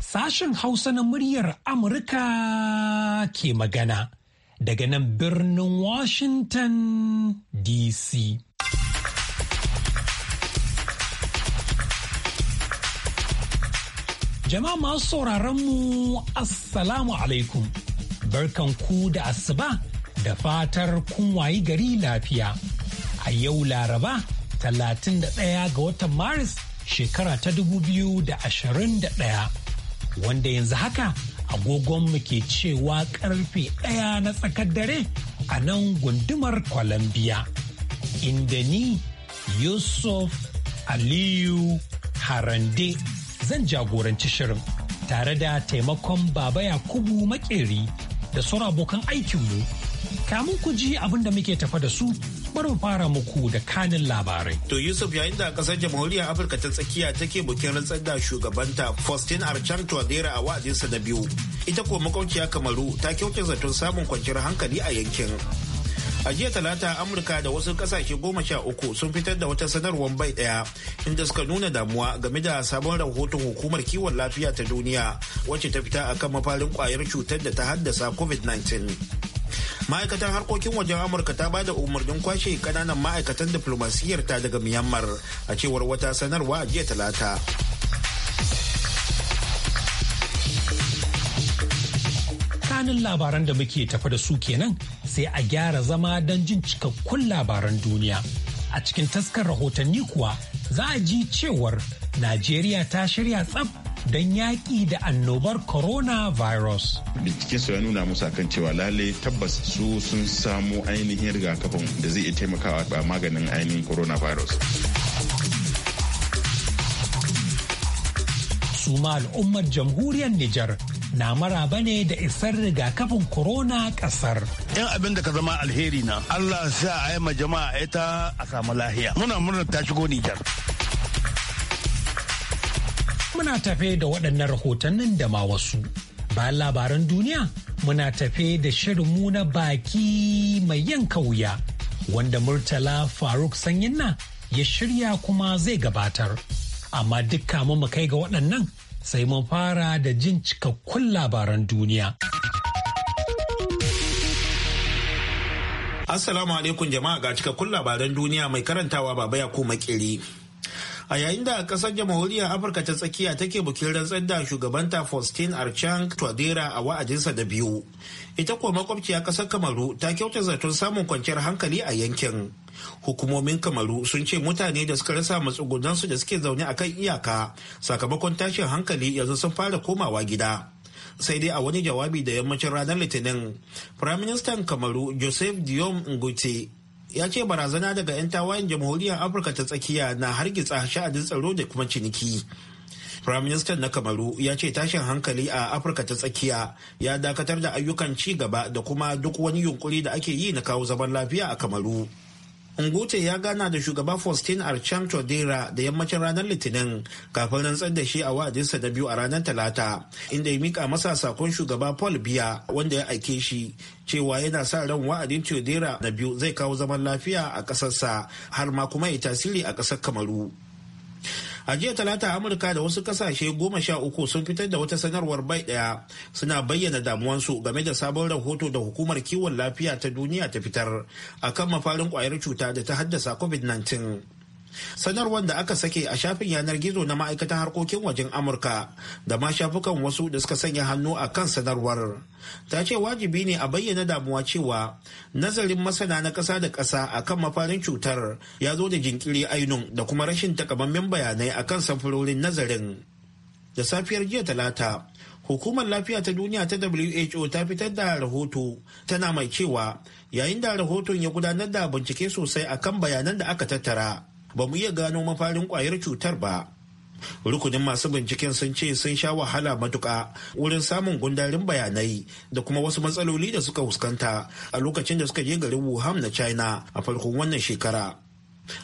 Sashen Hausa na muryar Amurka ke magana daga nan birnin Washington DC. Jama'a masu sauraron mu Assalamu alaikum. Barkan ku da asuba da fatar kun wayi gari lafiya. A yau Laraba, 31 ga watan Maris shekara ta 2021, wanda yanzu haka agogonmu ke cewa karfe ɗaya na tsakar dare a nan gundumar Colombia. Inda ni Yusuf Aliyu Harande zan jagoranci shirin tare da taimakon Baba Yakubu Makeri da sauran abokan aikinmu. Kamun ku ji abin da muke tafa da su bari fara muku da kanin labarai. To Yusuf yayin da kasar jamhuriyar Afirka ta tsakiya take bikin rantsar da shugabanta Faustin Archan Touadera a wa'adinsa na biyu. Ita kuwa makwabciya Kamaru ta kyauce zaton samun kwanciyar hankali a yankin. A jiya talata Amurka da wasu kasashe goma sha uku sun fitar da wata sanarwar bai daya inda suka nuna damuwa game da sabon rahoton hukumar kiwon lafiya ta duniya wacce ta fita akan mafarin kwayar cutar da ta haddasa COVID-19. ma'aikatar harkokin wajen amurka ta bada umarnin kwashe kananan ma'aikatan ta daga myanmar a cewar wata sanarwa a jiya talata kanin labaran da muke tafa da su kenan sai a gyara zama don jin cikakkun labaran duniya a cikin taskar rahotanni kuwa za a ji cewar najeriya ta shirya tsab don yaƙi da annobar coronavirus. bincike su ya nuna musu akan cewa lalle tabbas su sun samu ainihin rigakafin da zai iya taimakawa ba maganin ainihin coronavirus. Suma al'ummar jamhuriyar Nijar na maraba ne da isar rigakafin corona kasar. Yan abin da ka zama alheri na Allah sa a yi ma jama'a ita a samu lahiya. Muna murna ta shigo Nijar. muna tafe da waɗannan rahotannin da ma wasu. Bayan labaran duniya muna tafe da shirinmu na baki mai yanka wuya wanda Murtala Faruk Sanyinna ya shirya kuma zai gabatar. Amma dukka mu kai ga waɗannan sai mun fara da jin cikakkun labaran duniya. Assalamu alaikum jama'a ga cikakkun labaran duniya mai karantawa baba ya ko makiri. a yayin da kasar jamhuriyar afirka ta tsakiya take bukin rantsar da shugabanta faustin archang twadera a wa'adinsa da biyu ita kuwa makwabciya kasar kamaru ta kyauta zaton samun kwanciyar hankali a yankin hukumomin kamaru sun ce mutane da suka rasa matsugunansu da suke zaune a kan iyaka sakamakon tashin hankali yanzu sun fara komawa gida sai dai a wani jawabi da yammacin ranar litinin firaministan kamaru joseph diom Ngute. ya ce barazana daga 'yan tawayen jamhuriyar afirka ta tsakiya na hargitsa sha'adin tsaro da kuma ciniki firaministan na kamaru ya ce tashin hankali a afirka ta tsakiya ya dakatar da ayyukan ci gaba da kuma duk wani yunkuri da ake yi na kawo zaman lafiya a kamaru Ngute ya gana da shugaba Faustin Archam Chodera da yammacin ranar Litinin kafin rantsar da shi a wa'adinsa na biyu a ranar Talata, inda ya mika masa sakon shugaba Paul Biya wanda ya aike shi cewa yana sa ran wa'adin Chodera na biyu zai kawo zaman lafiya a ƙasarsa har ma kuma ya tasiri a ƙasar Kamaru. A jiya talata Amurka da wasu kasashe goma sha uku sun fitar da wata sanarwar bai daya suna bayyana damuwansu game da sabon rahoto da hukumar kiwon lafiya ta duniya ta fitar akan mafarin kwayar cuta da ta haddasa COVID-19. sanarwar da aka sake a shafin yanar gizo na ma'aikatan harkokin wajen amurka da ma shafukan wasu da suka sanya hannu a kan sanarwar ta ce wajibi ne a bayyana damuwa cewa nazarin masana na ƙasa da ƙasa a kan mafarin cutar ya zo da jinkiri ainun da kuma rashin takamammen bayanai a kan samfurorin nazarin da safiyar jiya talata hukumar lafiya ta duniya ta who ta fitar da rahoto tana mai cewa yayin da rahoton ya gudanar da bincike sosai akan bayanan da aka tattara ba mu iya gano mafarin kwayar cutar ba rukunin masu binciken sun ce sun sha wahala matuka wurin samun gundarin bayanai da kuma wasu matsaloli da suka fuskanta a lokacin da suka je garin wuhan na china a farkon wannan shekara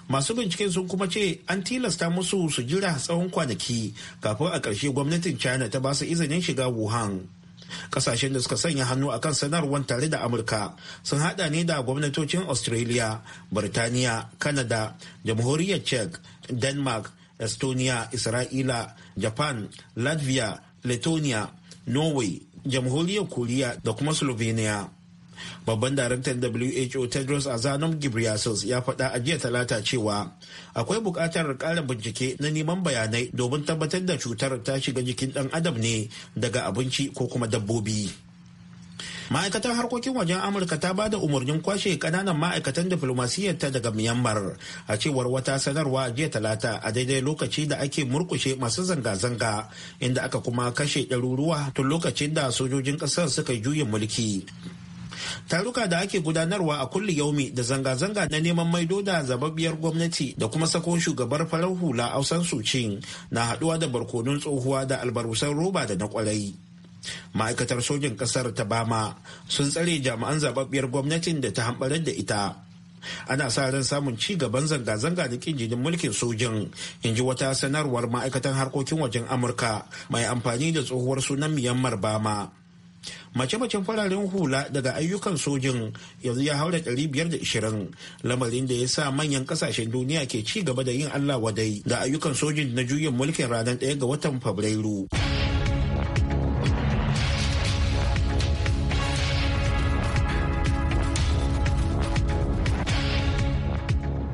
masu binciken sun kuma ce an tilasta musu su jira tsawon kwanaki kafin a ƙarshe gwamnatin china ta ba su izinin shiga wuhan kasashen da suka sanya hannu a kan sanarwar tare da amurka sun hada ne da gwamnatocin australia birtaniya canada jamhuriyar czech denmark estonia isra'ila japan latvia letonia norway jamhuriyar koriya da kuma slovenia babban daraktan who tedros adhanom ghebreyesus ya faɗa a jiya talata cewa akwai buƙatar ƙara bincike na neman bayanai domin tabbatar da cutar ta shiga jikin ɗan adam ne daga abinci ko kuma dabbobi ma'aikatar harkokin wajen amurka ta ba da umarnin kwashe kananan ma'aikatan diflomasiyyar ta daga myanmar a cewar wata sanarwa jiya talata a daidai lokaci da ake murkushe masu zanga-zanga inda aka kuma kashe ɗaruruwa tun lokacin da sojojin ƙasar suka yi juyin mulki taruka da ake gudanarwa a kulli yaumi da zanga-zanga na neman maido da zababbiyar gwamnati da kuma sako shugabar farar hula ausan sucin na haduwa da barkonun tsohuwa da albarusan roba da na kwarai ma'aikatar sojin kasar ta bama sun tsare jami'an zababbiyar gwamnatin da ta hambarar da ita ana sa ran samun ci gaban zanga-zanga da kin jinin mulkin sojin in ji wata sanarwar ma'aikatan harkokin wajen amurka mai amfani da tsohuwar sunan myanmar bama mace-macen fararen hula daga ayyukan sojin yanzu ya haura 520 lamarin da ya sa manyan kasashen duniya ke ci gaba da yin allah wadai da ayyukan sojin na juyin mulkin ranar 1 ga watan fabrairu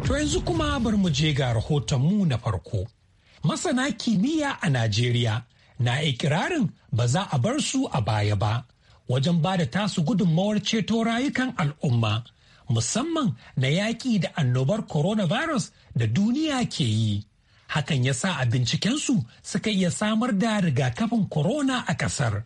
To yanzu kuma bar mu je ga rahotonmu na farko. Masana kimiyya a Najeriya na ikirarin ba za a bar su a baya ba wajen ba da tasu gudunmawar ceto rayukan al'umma musamman na yaƙi da annobar coronavirus da duniya ke yi. Hakan ya sa a bincikensu suka iya samar da rigakafin corona a ƙasar.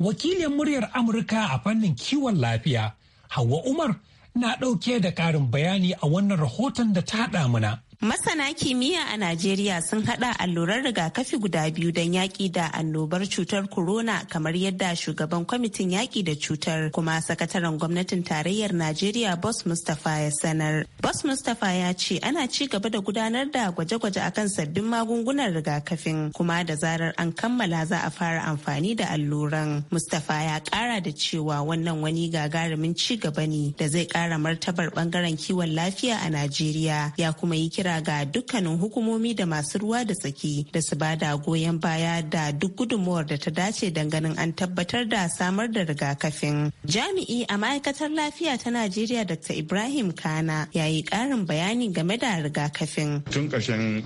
Wakilin muryar Amurka a fannin kiwon lafiya, Hauwa Umar, na ɗauke da ƙarin bayani a wannan rahoton da ta haɗa mana. Masana kimiyya a Najeriya sun haɗa allurar rigakafi guda biyu don yaƙi da annobar cutar corona kamar yadda shugaban kwamitin yaƙi da cutar kuma sakataren gwamnatin tarayyar Najeriya Bos Mustapha ya sanar. Bos Mustapha ya ce ana ci gaba da gudanar da gwaje-gwaje akan sabbin magungunan rigakafin kuma da zarar an kammala za a fara amfani da alluran. Mustapha ya ƙara da cewa wannan wani gagarumin ci gaba ne da zai ƙara martabar ɓangaren kiwon lafiya a Najeriya ya kuma yi kira kira ga dukkanin hukumomi da masu ruwa da tsaki da su bada goyon baya da duk gudunmuwar da ta dace ganin an tabbatar da samar da rigakafin. Jami'i a ma'aikatar lafiya ta Najeriya Dr. Ibrahim Kana ya yi ƙarin bayani game da rigakafin. Tun ƙarshen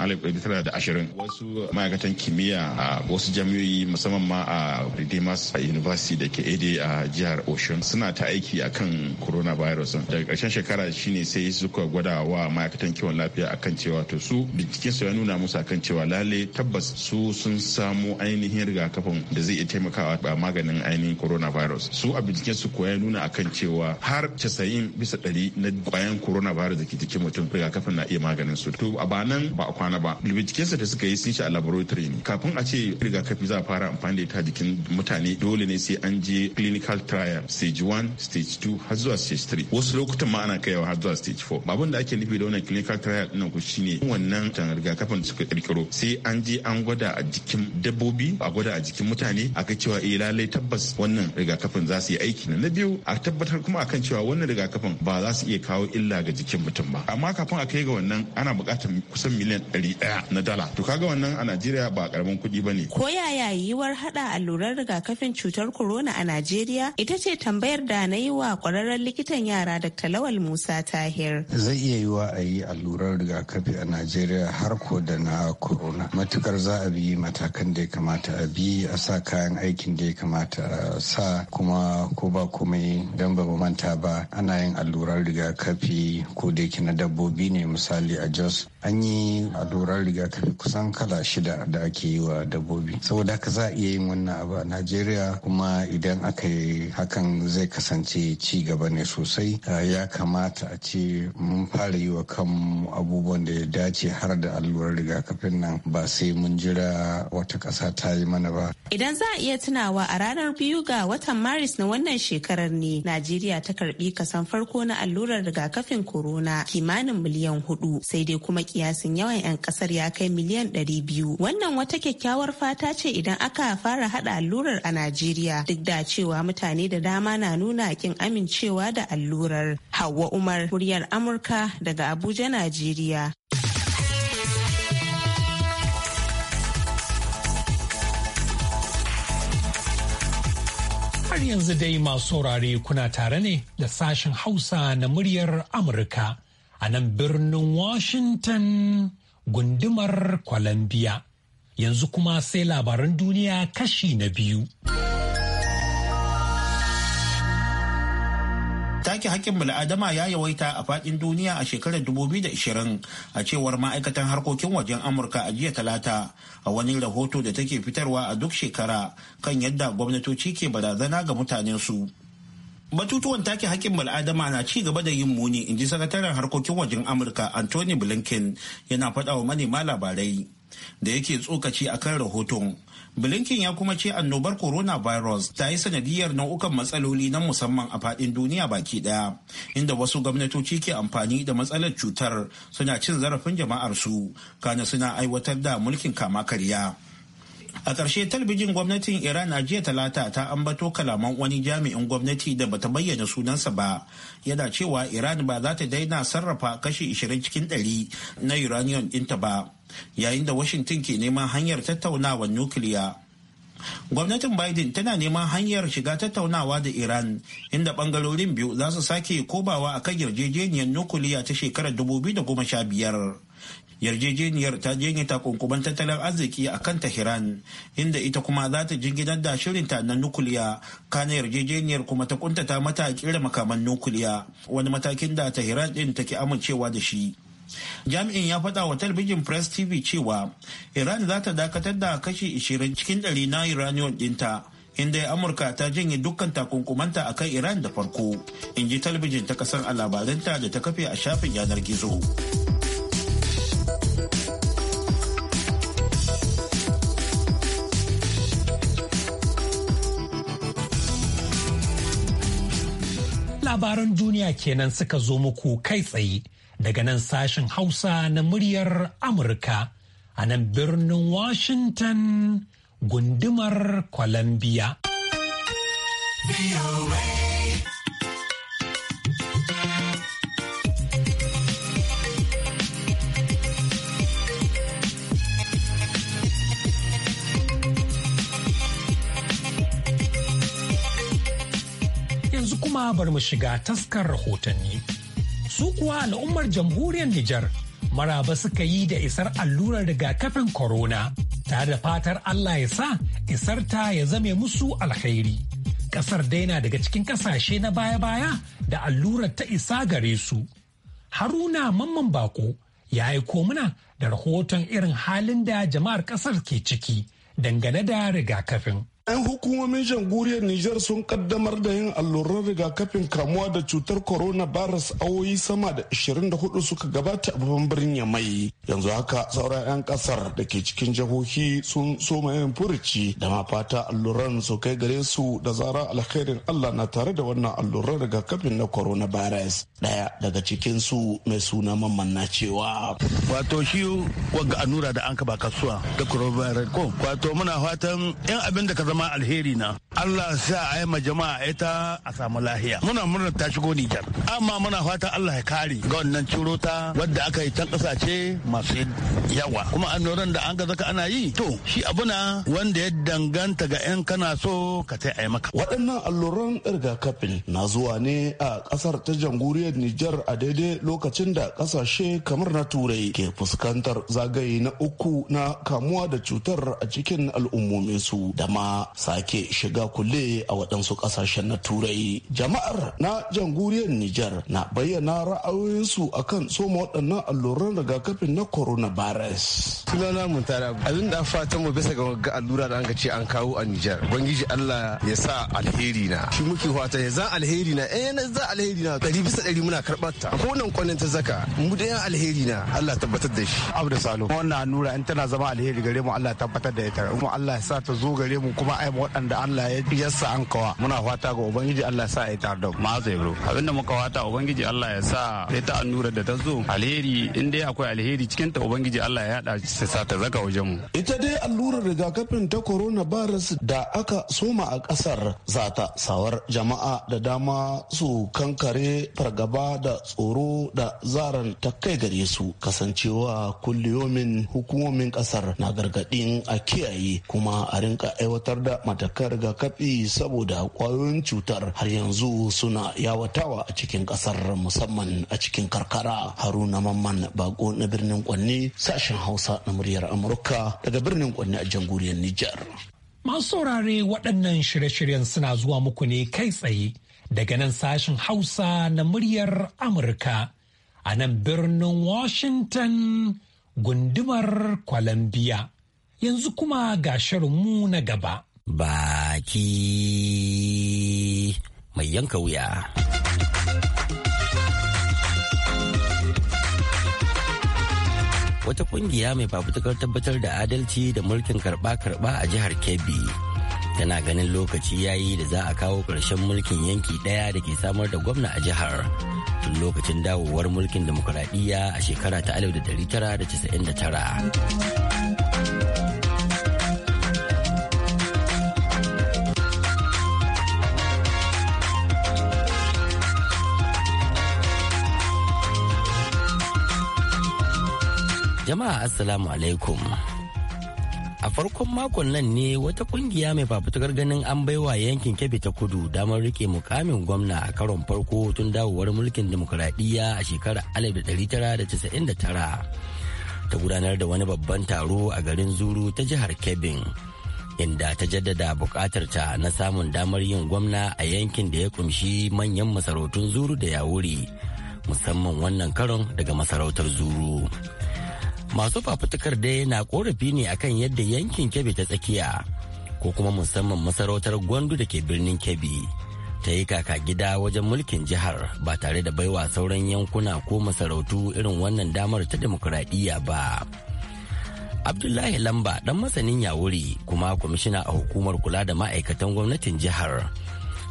ashirin wasu ma'aikatan kimiyya a wasu jami'o'i musamman ma a Redeemers University da ke Ede a jihar Osun suna ta aiki akan coronavirus. Daga ƙarshen shekara shine sai suka gwada wa ma'aikatan kiwon lafiya akan akan cewa to su binciken su ya nuna musu akan cewa lale tabbas su sun samu ainihin rigakafin da zai iya taimakawa ba maganin ainihin coronavirus su a binciken su ko ya nuna akan cewa har 90 bisa 100 na kwayan coronavirus da ke jikin mutum rigakafin na iya maganin su to a banan ba a kwana ba binciken su da suka yi sun shi a laboratory ne kafin a ce rigakafi za a fara amfani da ita jikin mutane dole ne sai an je clinical trial stage 1 stage 2 har zuwa stage 3 wasu lokutan ma ana kaiwa har zuwa stage 4 babun da ake nufi da wannan clinical trial ɗin ku to shine wannan tan rigakafin da suka kirkiro sai an je an gwada a jikin dabbobi a gwada a jikin mutane aka cewa eh lalai tabbas wannan rigakafin za su yi aiki na biyu a tabbatar kuma akan cewa wannan rigakafin ba za su iya kawo illa ga jikin mutum ba amma kafin a kai ga wannan ana buƙatar kusan miliyan ɗari ɗaya na dala to kaga wannan a Najeriya ba karamin kuɗi ba ne. Ko yaya yiwuwar haɗa allurar rigakafin cutar corona a Najeriya ita ce tambayar da na yi wa kwararren likitan yara Dr. Lawal Musa Tahir. Zai iya yiwa a yi allurar rigakafin rigakafi a najeriya har ko da na corona matukar za a bi matakan da ya kamata a bi a sa kayan aikin da ya kamata a sa kuma ko ba komai don ba manta ba ana yin allurar rigakafi ko da yake na dabbobi ne misali a jos an yi doron rigakafi kusan kala shida da ake yi wa dabbobi saboda haka za a iya yin wannan abu a najeriya kuma idan aka yi hakan zai kasance ci gaba ne sosai ah, ya kamata a ce mun fara yi wa kan abubuwan da ya dace har da allurar rigakafin nan ba sai mun jira wata ƙasa ta yi mana ba idan za a iya tunawa a ranar biyu ga watan maris na wannan shekarar ne najeriya ta karbi kasan farko na allurar rigakafin corona kimanin miliyan hudu sai dai kuma kiyasin yawan 'yan kasar ya kai miliyan 200 wannan wata kyakkyawar fata ce idan aka fara hada allurar a najeriya duk da cewa mutane da dama na nuna kin amincewa da allurar Hauwa umar muryar amurka daga abuja najeriya Har yanzu dai masu saurare kuna tare ne da sashen Hausa na muryar Amurka a nan birnin Washington gundumar Columbia. Yanzu kuma sai labaran duniya kashi na biyu. Take hakkin bil'adama ya yawaita a faɗin duniya a shekarar 2020 a cewar ma'aikatan harkokin wajen Amurka a jiya talata a wani rahoto da take fitarwa a duk shekara kan yadda gwamnatoci ke barazana ga mutanensu. su. Batutuwan take hakkin bal'adama na ci gaba da yin muni, in ji sakataren harkokin wajen Amurka Anthony Blinken yana faɗa wa manema labarai da yake tsokaci a kan rahoton. Blinken ya kuma ce annobar coronavirus ta yi sanadiyar nau'ukan matsaloli na musamman a faɗin duniya baki ɗaya, inda wasu gwamnatoci ke amfani da matsalar cutar suna cin zarafin jama'ar su kana suna aiwatar da mulkin kama karya. a ƙarshe talabijin gwamnatin iran a jiya talata ta ambato kalaman wani jami'in gwamnati da bata bayyana sunansa ba yana cewa iran ba za ta daina sarrafa kashi 20 cikin 100 na uranium ɗinta ba yayin da washington ke neman hanyar tattaunawar nukiliya gwamnatin biden tana neman hanyar shiga tattaunawa da iran inda bangarorin biyu za su sake kobawa a kan yarjejeniyar nukiliya ta shekarar 2015 yarjejeniyar ta janye takunkuman tattalin arziki a kan tehran inda ita kuma za ta jinginar da shirin ta na nukuliya kana yarjejeniyar kuma ta kuntata mata a kira makaman nukuliya wani matakin da tehran din take amincewa da shi jami'in ya faɗa wa talabijin press tv cewa iran za ta dakatar da kashi 20 cikin ɗari na iranian ɗinta inda amurka ta janye dukkan takunkumanta a kan iran da farko in ji talabijin ta kasar a labaranta da ta kafe a shafin yanar gizo labaran duniya kenan suka zo muku kai tsaye daga nan sashen Hausa na muryar Amurka a nan birnin Washington gundumar Columbia. kuma bari mu shiga taskar rahotanni. Su kuwa al'ummar jamhuriyar Nijar maraba suka yi da isar allurar rigakafin korona. Ta da fatar Allah ya sa isar ta ya zame musu alkhairi. Kasar daina daga cikin kasashe na baya-baya da allurar ta isa gare su. Haruna Mamman Bako ya aiko muna da rahoton irin halin da jama'ar kasar ke ciki dangane da rigakafin. 'yan hukumomin jamhuriyar Nijar sun kaddamar da yin alluran rigakafin kamuwa da cutar coronavirus awoyi sama da 24 suka gabata a babban birnin Yamai. Yanzu haka sauran 'yan kasar da ke cikin jihohi sun soma yin furuci da ma fata alluran su kai gare su da zarar alkhairin Allah na tare da wannan alluran rigakafin na coronavirus. Daya daga cikin su mai suna mamman na cewa. Wato shi wagga anura da an kaba kasuwa da coronavirus ko. Wato muna fatan 'yan abin da ka zama zama alheri na Allah sa a yi ma jama'a ita a samu lahiya muna murnar ta shigo Nijar amma muna fata Allah ya kare ga wannan cirota wadda aka yi can kasashe masu yawa kuma annoran da an ga zaka ana yi to shi abuna wanda ya danganta ga yan kana so ka tai a maka waɗannan alluran rigakafin na zuwa ne a ƙasar ta jamhuriyar Nijar a daidai lokacin da ƙasashe kamar na turai ke fuskantar zagaye na uku na kamuwa da cutar a cikin al'ummominsu da ma sake shiga kulle a waɗansu ƙasashen na turai jama'ar na janguriyar Nijar na bayyana ra'ayoyinsu akan soma waɗannan alluran rigakafin na coronavirus sunana muntara abin da fatan mu bisa ga allura da an ce an kawo a Nijar. ubangiji allah ya sa alheri na shi muke fata ya za alheri na eh za alheri na ɗari bisa ɗari muna karɓar ta ko nan kwanan ta zaka mu da yan alheri na allah tabbatar da shi abu da salo wannan allura in tana zama alheri gare mu allah tabbatar da ita kuma allah ya sa ta zo gare mu kuma kuma ai waɗanda Allah ya yasa an kawa muna fata ga ubangiji Allah ya sa ai tar da ma zai bro abinda muka fata ubangiji Allah ya sa ita annura da ta zo alheri in dai akwai alheri cikin ta ubangiji Allah ya yada shi sa ta zaka wajen mu ita dai allurar rigakafin ta coronavirus da aka soma a kasar za ta sawar jama'a da dama su kankare fargaba da tsoro da zaran ta kai gare su kasancewa kulliyomin hukumomin kasar na gargadin a kiyaye kuma a rinka aiwatar samar da matakan rigakafi saboda kwayoyin cutar har yanzu suna yawatawa a cikin kasar musamman a cikin karkara haruna mamman bako na birnin kwanne sashen hausa na muryar amurka daga birnin kwanni a jamhuriyar nijar masu saurare waɗannan shirye-shiryen suna zuwa muku ne kai tsaye daga nan sashen hausa na muryar amurka a nan birnin washington gundumar columbia yanzu kuma ga shirinmu na gaba baki mai yanka wuya. Wata kungiya mai fafutukar tabbatar da adalci da mulkin karɓa-karɓa a jihar Kebbi tana ganin lokaci yayi da za a kawo ƙarshen mulkin yanki ɗaya da ke samar da gwamna a jihar tun lokacin dawowar mulkin demokuraɗiyya a shekara ta 1999. Jama'a Assalamu alaikum. A farkon makon nan ne wata kungiya mai fafutukar ganin an baiwa yankin Kebbi ta kudu damar rike mukamin gwamna a karon farko tun dawowar mulkin demokuraɗiyya a shekarar 1999 ta gudanar da wani babban taro a garin Zuru ta jihar Kebbin. inda ta jaddada ta na samun damar yin gwamna a yankin da ya kumshi manyan masarautun zuru da yawuri musamman wannan karon daga masarautar zuru. masu fafutukar dai yana korafi ne akan yadda yankin kebe ta tsakiya ko kuma musamman masarautar gwandu da ke birnin kebe ta yi kaka gida wajen mulkin jihar ba tare da baiwa sauran yankuna ko masarautu irin wannan damar ta demokuraɗiyya ba abdullahi lamba dan masanin yawuri kuma kwamishina a hukumar kula da ma'aikatan gwamnatin jihar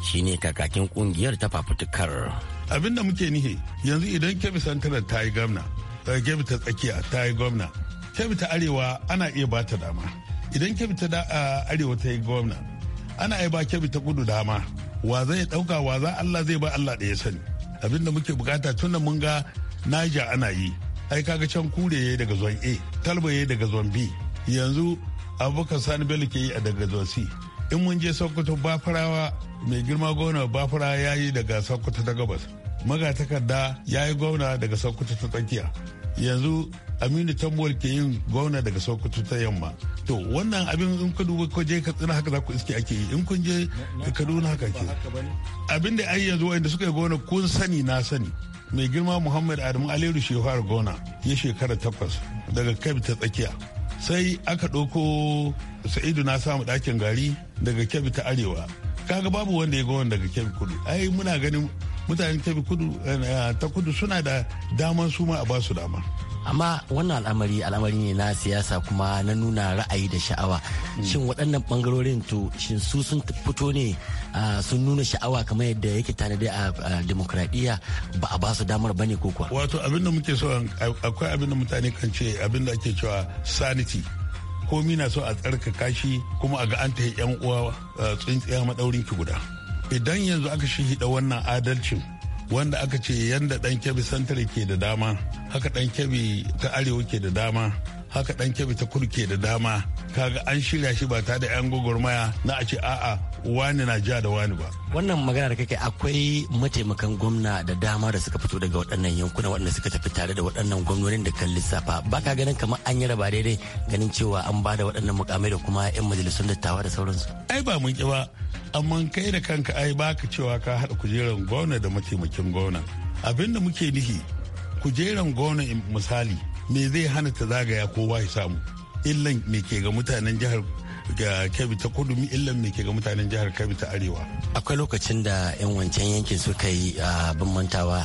shine kakakin kungiyar ta fafutukar abinda muke nihe yanzu idan kebe santanar ta yi gamna kebbi ta tsakiya ta yi gwamna kebbi ta arewa ana iya ba ta dama idan kebbi ta arewa ta yi gwamna ana iya ba kebbi ta kudu dama wa zai dauka wa za Allah zai ba Allah da ya sani abinda muke bukata tunda mun ga Naija ana yi ai kaga can kure ya daga zon A talba ya daga zon B yanzu abubakar sani bello ke yi a daga zon C in mun je Sokoto ba farawa mai girma gona ba ya yayi daga Sokoto ta gabas magatakarda ya yi gwamna daga sokoto ta tsakiya yanzu aminu tambuwar ke yin gwamna daga sokoto ta yamma to wannan abin in ka duba ko je katsina haka za ku iske ake yi in kun je kaduna haka ke abin da ai yanzu wanda suka yi gwamna kun sani na sani mai girma muhammad adamu aliru shehar gona ya shekara takwas daga kebbi ta tsakiya sai aka ɗauko sa'idu na samu ɗakin gari daga kebbi ta arewa kaga babu wanda ya gowon daga kebbi kudu ai muna ganin mutanen bi kudu eh, ta kudu suna da daman su ma a ba su dama amma wannan al'amari al'amari ne na siyasa kuma na nuna ra'ayi da sha'awa hmm. shin waɗannan bangarorin to shin su sun fito ne sun nuna sha'awa kamar yadda yake tanadi a demokradiyya ba a ba su damar bane ko kuwa wato abin da muke so akwai abin da mutane kan ce abin da ake cewa sanity komi na so a tsarkaka shi kuma a ga an ta yan uwa tsintsiya madaurin ki guda idan yanzu aka shihida wannan adalcin wanda aka ce yadda dan kebbi santare ke da dama haka dan kebbi ta arewa ke da dama haka dan kebbi ta kudu ke da dama kaga an shirya shi ba ta da yan gwagwarmaya na a ce a'a wani na ja da wani ba wannan magana da kake akwai mataimakan gwamna da dama da suka fito daga waɗannan yankuna waɗanda suka tafi tare da waɗannan gwamnonin da kan lissafa Ba ka ganin kamar an yi raba daidai ganin cewa an ba da waɗannan mukamai da kuma 'yan majalisun dattawa da sauransu ai ba mun ki ba amma kai da kanka ai ka cewa ka haɗa kujerar gwamna da mataimakin gwamna abin da muke nihi kujeran gwamna misali me zai hana ta zagaya kowa ya samu illan me ke ga mutanen jihar kebbi ta kudu mi illan me ke ga mutanen jihar kebbi ta arewa akwai lokacin da yan wancan yankin suka yi bin mantawa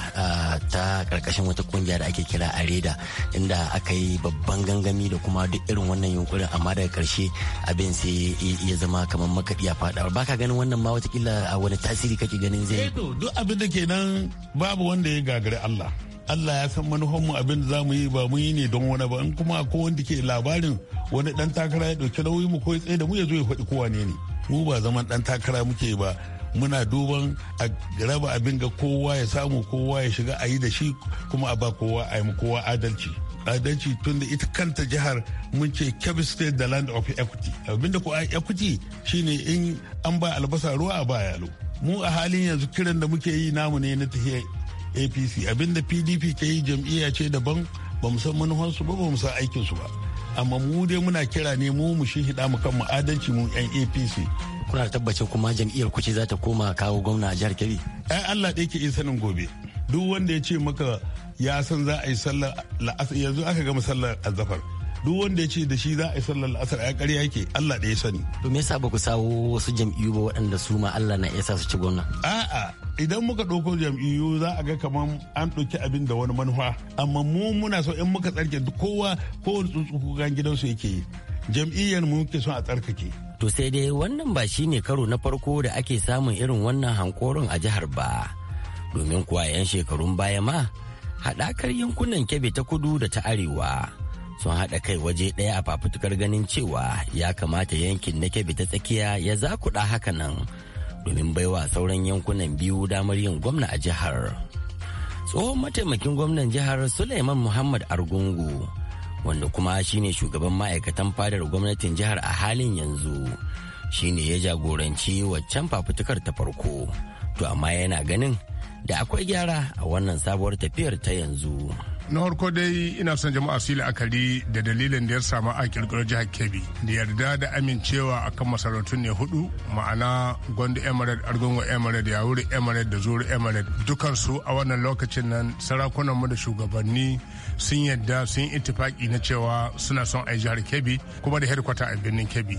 ta karkashin wata kungiya da ake kira areda inda aka yi babban gangami da kuma duk irin wannan yunkurin amma daga karshe abin sai ya zama kamar makaɗi a faɗa baka ganin wannan ma watakila a wani tasiri kake ganin zai eh duk abin da kenan babu wanda ya gagari Allah Allah ya san manufanmu abin da za mu yi ba mun yi ne don wani ba in kuma ko wanda ke labarin wani dan takara ya dauki nauyi mu ko ya tsaye da mu ya zo ya faɗi kowa ne ne mu ba zaman dan takara muke ba muna duban a raba abin ga kowa ya samu kowa ya shiga a yi da shi kuma a ba kowa a yi kowa adalci adalci tun da ita kanta jihar mun ce Kebbi State da Land of Equity abinda ko equity shine in an ba albasa ruwa a ba yalo mu a halin yanzu kiran da muke yi namu ne na tahiyar apc abinda pdp ke yi jam'iyya ce daban ba mu san manufansu ba ba mu san aikinsu ba amma mu dai muna kira ne mu mu shi hida mu kan adalci mu yan apc kuna tabbacin kuma jam'iyyar ku ce za ta koma kawo gwamna a jihar kebbi ai allah ɗaya ke sanin gobe duk wanda ya ce maka ya san za a yi sallar la'asar yanzu aka gama sallar azafar duk wanda ya ce da shi za a yi sallar la'asar a ƙarya yake Allah da ya sani. To me yasa ba ku sawo wasu jam'iyyu ba waɗanda su ma Allah na iya sa su ci gwamna? A'a idan muka ɗauko jam'iyyu za a ga kamar an ɗauki abin da wani manufa amma mu muna so in muka tsarke kowa kowane tsuntsu kukan gidansu yake jam'iyyar mu muke son a tsarkake to sai dai wannan ba shi ne karo na farko da ake samun irin wannan hankoron a jihar ba domin kuwa 'yan shekarun baya ma haɗakar yankunan kebe ta kudu da ta arewa sun haɗa kai waje ɗaya a fafutukar ganin cewa ya kamata yankin na kebe ta tsakiya ya zakuɗa haka nan domin baiwa sauran yankunan biyu damar yin gwamna a jihar tsohon mataimakin gwamnan jihar suleiman muhammad argungu wanda kuma shine shugaban ma'aikatan fadar gwamnatin jihar a halin yanzu shine ya jagoranci waccan fafutukar ta farko to amma yana ganin da akwai gyara a wannan sabuwar tafiyar ta yanzu. na farko dai ina son jama'a su yi la'akari da dalilin da ya samu a kirkirar jihar kebbi da yarda da amincewa akan masarautun ne hudu ma'ana gwanda emirate argungu emirate yawuri emirate da zuru emirate dukansu a wannan lokacin nan sarakunan da shugabanni sun yadda sun yi itifaki na cewa suna son a jihar kebbi kuma da hedikwata a birnin kebbi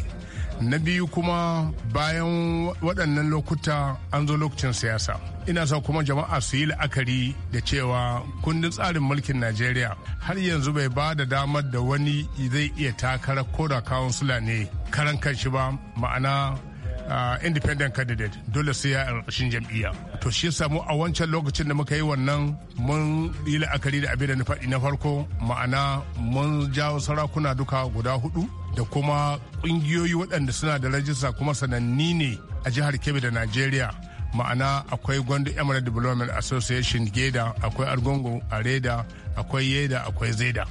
na biyu kuma bayan waɗannan lokuta an zo lokacin siyasa ina sa kuma jama'a su yi la'akari da cewa kundin tsarin mulkin najeriya har yanzu bai ba da damar da wani zai iya takara ko da kawon sula ne karan kanshi ba ma'ana ah, independent candidate dole sai ya ƙarƙashin jam'iyya to shi samu a wancan lokacin da muka yi wannan mun yi la'akari da abin da na faɗi na farko ma'ana mun jawo sarakuna duka guda hudu da kuma kungiyoyi waɗanda suna da rajista kuma sananni ne a jihar kebbi da najeriya ma'ana akwai gwandu emirate development association geda akwai argungu areda akwai yeda akwai zeda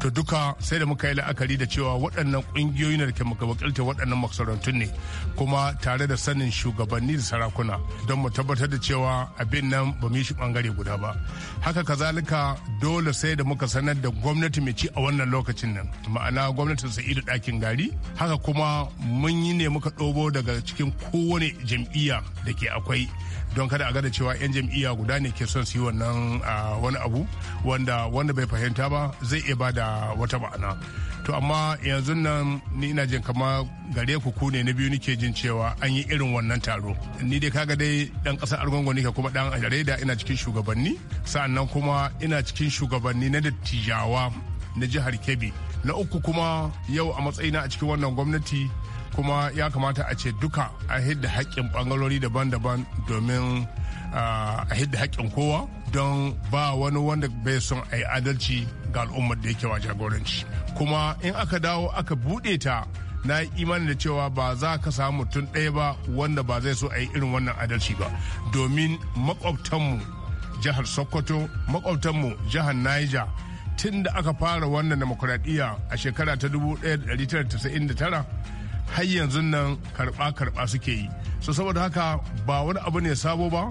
to duka sai da muka yi la'akari da cewa waɗannan ƙungiyoyi da ke muka wakilta waɗannan makarantun ne kuma tare da sanin shugabanni da sarakuna don mu tabbatar da cewa abin nan ba mu yi shi bangare guda ba haka kazalika dole sai da muka sanar da gwamnati mai ci a wannan lokacin nan ma'ana gwamnatin sa'idu ɗakin gari haka kuma mun yi ne muka ɗobo daga cikin kowane jam'iyya da ke akwai don kada a gada cewa 'yan jam'iyya guda ne ke son su yi wannan wani abu wanda wanda bai fahimta ba zai iya ba da wata ma'ana to amma yanzu nan ni ina jin kama gare ku ku ne na biyu nike jin cewa an yi irin wannan taro ni dai kaga dai dan kasar argungu nike kuma dan jarida ina cikin shugabanni sa'annan kuma ina cikin shugabanni na dattijawa na jihar kebbi na uku kuma yau a matsayina a cikin wannan gwamnati kuma ya kamata a ce duka a hidda haƙƙin bangarori daban-daban domin a hidda haƙƙin kowa don ba wani wanda bai son a yi adalci ga al'ummar da yake wa jagoranci kuma in aka dawo aka buɗe ta na yi imani da cewa ba za ka samu mutum ɗaya ba wanda ba zai so a yi irin wannan adalci ba domin makwabtanmu jihar sokoto makwabtanmu jihar niger tun da aka fara wannan demokuraɗiyya a shekara ta 1999 har yanzu nan karɓa karɓa suke yi so saboda haka ba wani abu ne sabo ba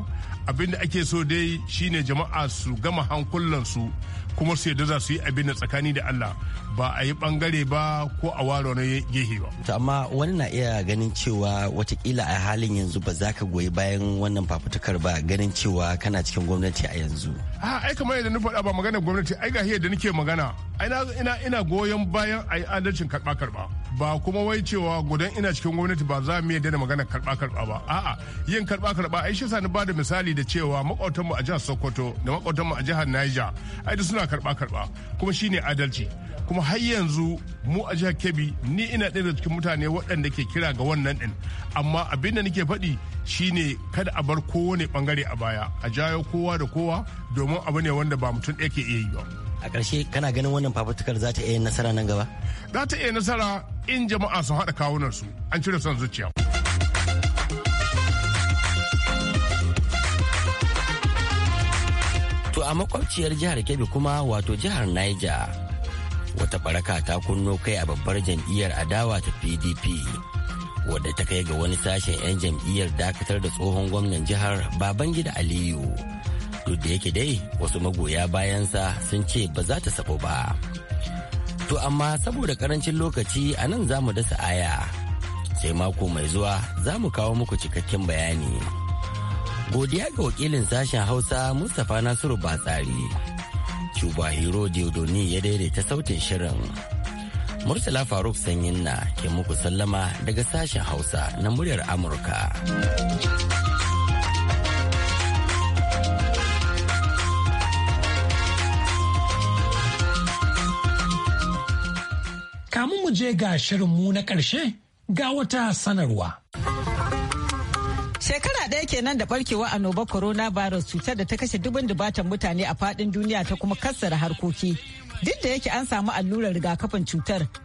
abinda ake so dai shine jama'a su gama hankulansu kuma su yadda za su yi abin da tsakani da Allah ba a yi bangare ba ko a ware wani gehe ba. To amma wani na iya ganin cewa watakila a halin yanzu ba za ka goyi bayan wannan fafutukar ba ganin cewa kana cikin gwamnati a yanzu. A ai kamar yadda na faɗa ba magana gwamnati ai ga yadda nake magana ina ina goyon bayan a yi adalcin karɓa karɓa ba kuma wai cewa gudan ina cikin gwamnati ba za mu iya daina magana karɓa karɓa ba a'a yin karɓa karɓa ai shi sa ni ba da misali da cewa makwautanmu a jihar Sokoto da makwautanmu a jihar Niger ai suna karba karba kuma shine adalci kuma har yanzu mu a jihar kebbi ni ina ɗaya da cikin mutane waɗanda ke kira ga wannan ɗin amma abin da nake faɗi shine kada a bar kowane ɓangare a baya a jayo kowa da kowa domin abu ne wanda ba mutum ɗaya ke iya yi ba a ƙarshe kana ganin wannan fafutukar za ta iya nasara nan gaba za ta iya nasara in jama'a su haɗa su an cire son zuciya a makwabciyar jihar Kebbi kuma wato jihar Niger. Wata baraka ta kunno kai a babbar jam'iyyar adawa ta PDP. Wadda ta kai ga wani sashen 'yan jam'iyyar dakatar da tsohon gwamnan jihar Babangida Aliyu. Duk da yake dai wasu magoya bayansa sun ce ba za ta sabo ba. To amma saboda karancin lokaci a nan za mu dasa aya. Sai mako mai zuwa za mu kawo muku cikakken bayani. Godiya ga wakilin sashen Hausa Mustapha Nasiru Batsari. Cuba Hero deodoni ya daidaita sautin shirin. Murtala Faruk Sanyin na ke muku sallama daga sashen Hausa na muryar Amurka. Kamun mu je ga shirin mu na ƙarshe ga wata sanarwa. Shekara ɗaya kenan da barkewa corona virus cutar da ta kashe dubin dubatan mutane a faɗin duniya ta kuma kassara harkoki. Duk da yake an samu allurar rigakafin cutar,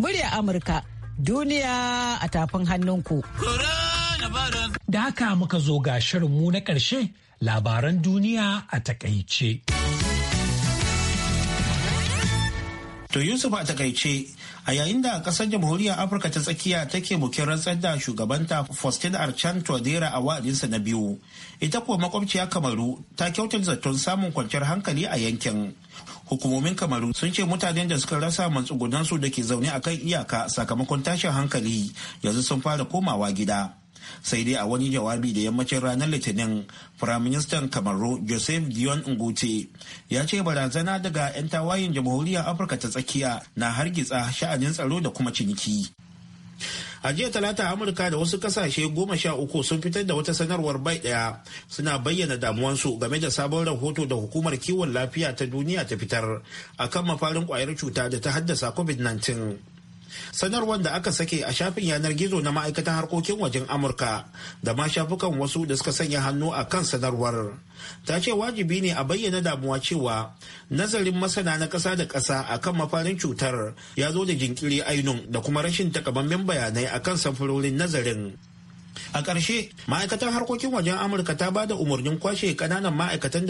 murya Amurka duniya a tafin hannunku. Da haka muka zo ga mu na ƙarshe labaran duniya a takaice. To Yusuf a takaice a yayin da ƙasar jamhuriyar Afirka ta tsakiya take bukin rantsar da shugabanta Faustin Archan Todera a wa'adinsa na biyu. Ita kuwa makwabciya Kamaru ta kyautar zaton samun kwanciyar hankali a yankin. hukumomin kamaru sun ce mutanen da suka rasa matsugunansu da ke zaune akan iyaka sakamakon tashin hankali yanzu sun fara komawa gida sai dai a wani jawabi da yammacin ranar litinin firaministan kamaru joseph dion ngute ya ce barazana daga 'yan tawayin jamhuriyar afirka ta tsakiya na hargitsa sha'anin tsaro da kuma ciniki a jiya talata amurka da wasu kasashe goma sha uku sun fitar da wata sanarwar bai daya suna bayyana damuwansu game da sabon rahoto da hukumar kiwon lafiya ta duniya ta fitar akan mafarin kwayar cuta da ta haddasa covid-19 sanarwar da aka sake a shafin yanar gizo na ma'aikatan harkokin wajen amurka da ma shafukan wasu da suka sanya hannu a kan sanarwar ta ce wajibi ne a bayyana damuwa cewa nazarin masana na ƙasa da ƙasa a kan mafarin cutar ya zo da jinkiri ainun da kuma rashin takamammen bayanai a kan samfurorin nazarin a ƙarshe ma'aikatar harkokin wajen amurka ta ba da umarnin kwashe ƙananan ma'aikatan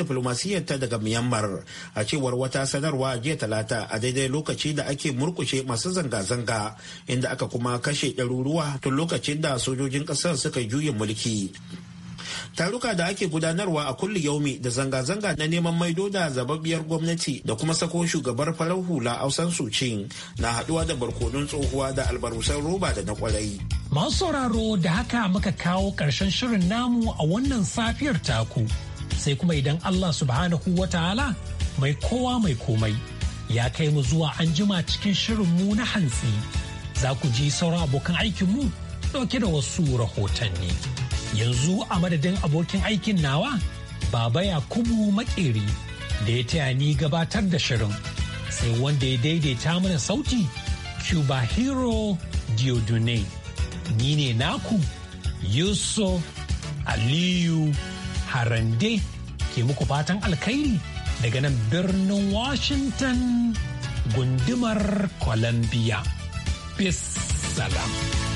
ta daga myanmar a cewar wata sanarwa jiya talata a daidai lokaci da ake murkushe masu zanga-zanga inda aka kuma kashe ɗaruruwa tun lokacin da sojojin ƙasar suka juyin mulki taruka da ake gudanarwa a kulli yaumi da zanga-zanga na neman maido da zababbiyar gwamnati da kuma sako shugabar farar hula ausan sucin na haduwa da barkonun tsohuwa da albarusan roba da na kwarai masu sauraro da haka muka kawo karshen shirin namu a wannan safiyar taku sai kuma idan allah subhanahu wataala mai kowa mai komai ya kai mu zuwa anjima cikin shirin mu na hantsi za ku ji sauran abokan aikin mu dauke da wasu rahotanni. yanzu a madadin abokin aikin nawa baba yakubu makeri da ya taya ni gabatar da shirin sai wanda ya daidaita mana sauti cuba hero diodune ni ne naku yusuf aliyu harande ke muku fatan alkhairi daga nan birnin washington gundumar columbia peace salam